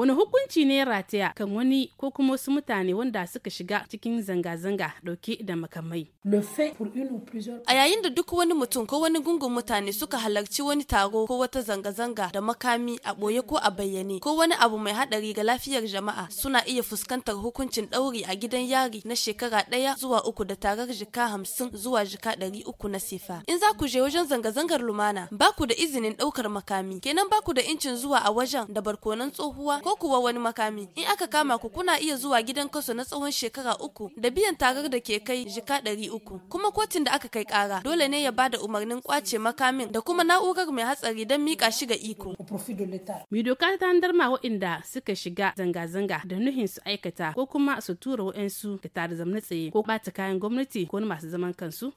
wani hukunci ne rataya kan wani ko kuma wasu mutane wanda suka shiga cikin zanga-zanga dauke da makamai. A yayin da duk wani mutum ko wani gungun mutane suka halarci wani taro ko wata zanga-zanga da makami a ɓoye ko a bayyane ko wani abu mai haɗari ga lafiyar jama'a suna iya fuskantar hukuncin ɗauri a gidan yari na shekara ɗaya zuwa uku da tarar jika hamsin zuwa jika ɗari uku na sifa In za ku je wajen zanga-zangar lumana ba ku da izinin ɗaukar makami kenan ba ku da incin zuwa a wajen da barkonan tsohuwa ko ko kuwa wani makami in aka kama ku kuna iya zuwa gidan kaso na tsawon shekara uku da biyan tarar da ke kai jika ɗari uku kuma kotun da aka kai ƙara dole ne ya bada umarnin kwace makamin da kuma na'urar mai hatsari don mika shi ga iko. Mai doka ta ma waɗanda suka shiga zanga-zanga da nuhin su aikata ko kuma su tura waɗansu da tare zamna tsaye ko ɓata kayan gwamnati ko masu zaman kansu.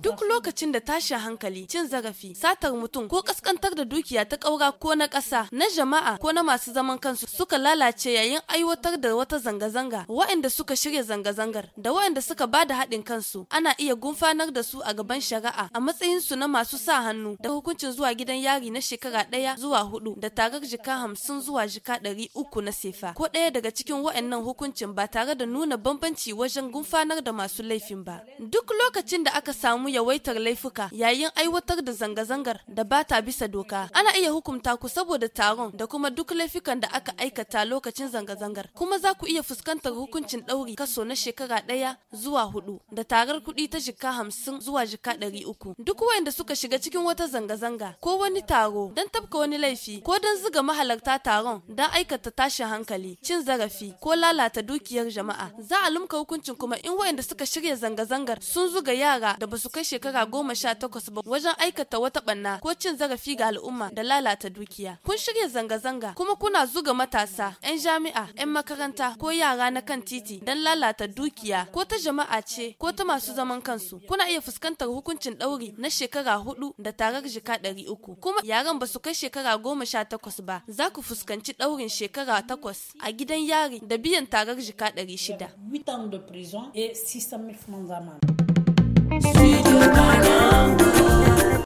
Duk lokacin da tashin hankali cin zarafi satar mutum ko kaskantar da dukiya ta ƙaura ko na ƙasa na jama'a ko na masu zaman kansu suka lalace yayin aiwatar da wata zanga-zanga waɗanda suka shirya zanga-zangar da waɗanda suka ba da haɗin kansu ana iya gumfanar da su a gaban shari'a a matsayinsu na masu sa hannu da hukuncin zuwa gidan yari na shekara ɗaya zuwa hudu da tarar jika hamsin zuwa jika ɗari uku na sefa ko ɗaya daga cikin waɗannan hukuncin ba tare da nuna bambanci wajen gumfanar da masu laifin ba duk lokacin da aka samu yawaitar laifuka yayin aiwatar da zanga-zangar da ba ta bisa doka ana iya hukunta ku saboda taron da kuma duk laifukan da aka aikata lokacin zanga-zangar kuma za ku iya fuskantar hukuncin ɗauri kaso na shekara ɗaya zuwa hudu da tarar kuɗi ta jika hamsin zuwa jika ɗari uku duk wanda suka shiga cikin wata zanga-zanga ko wani taro don tabka wani laifi ko don zuga mahalarta taron don aikata tashin hankali cin zarafi ko lalata dukiyar jama'a za a lumka hukuncin kuma in wayanda suka shirya zanga-zangar sun zuga yara da basu kai shekara goma sha takwas ba wajen aikata wata ɓanna ko cin zarafi ga al'umma da lalata dukiya kun shirya zanga-zanga kuma kuma kuna zuga matasa 'yan jami'a 'yan makaranta ko yara na kan titi don lalata dukiya ko ta jama'a ce ko ta masu zaman kansu kuna iya fuskantar hukuncin ɗauri na shekara hudu da tarar jika ɗari uku kuma yaran ba su kai shekara goma sha takwas ba za ku fuskanci ɗaurin shekara takwas a gidan yari da biyan tarar jika ɗari shida. Studio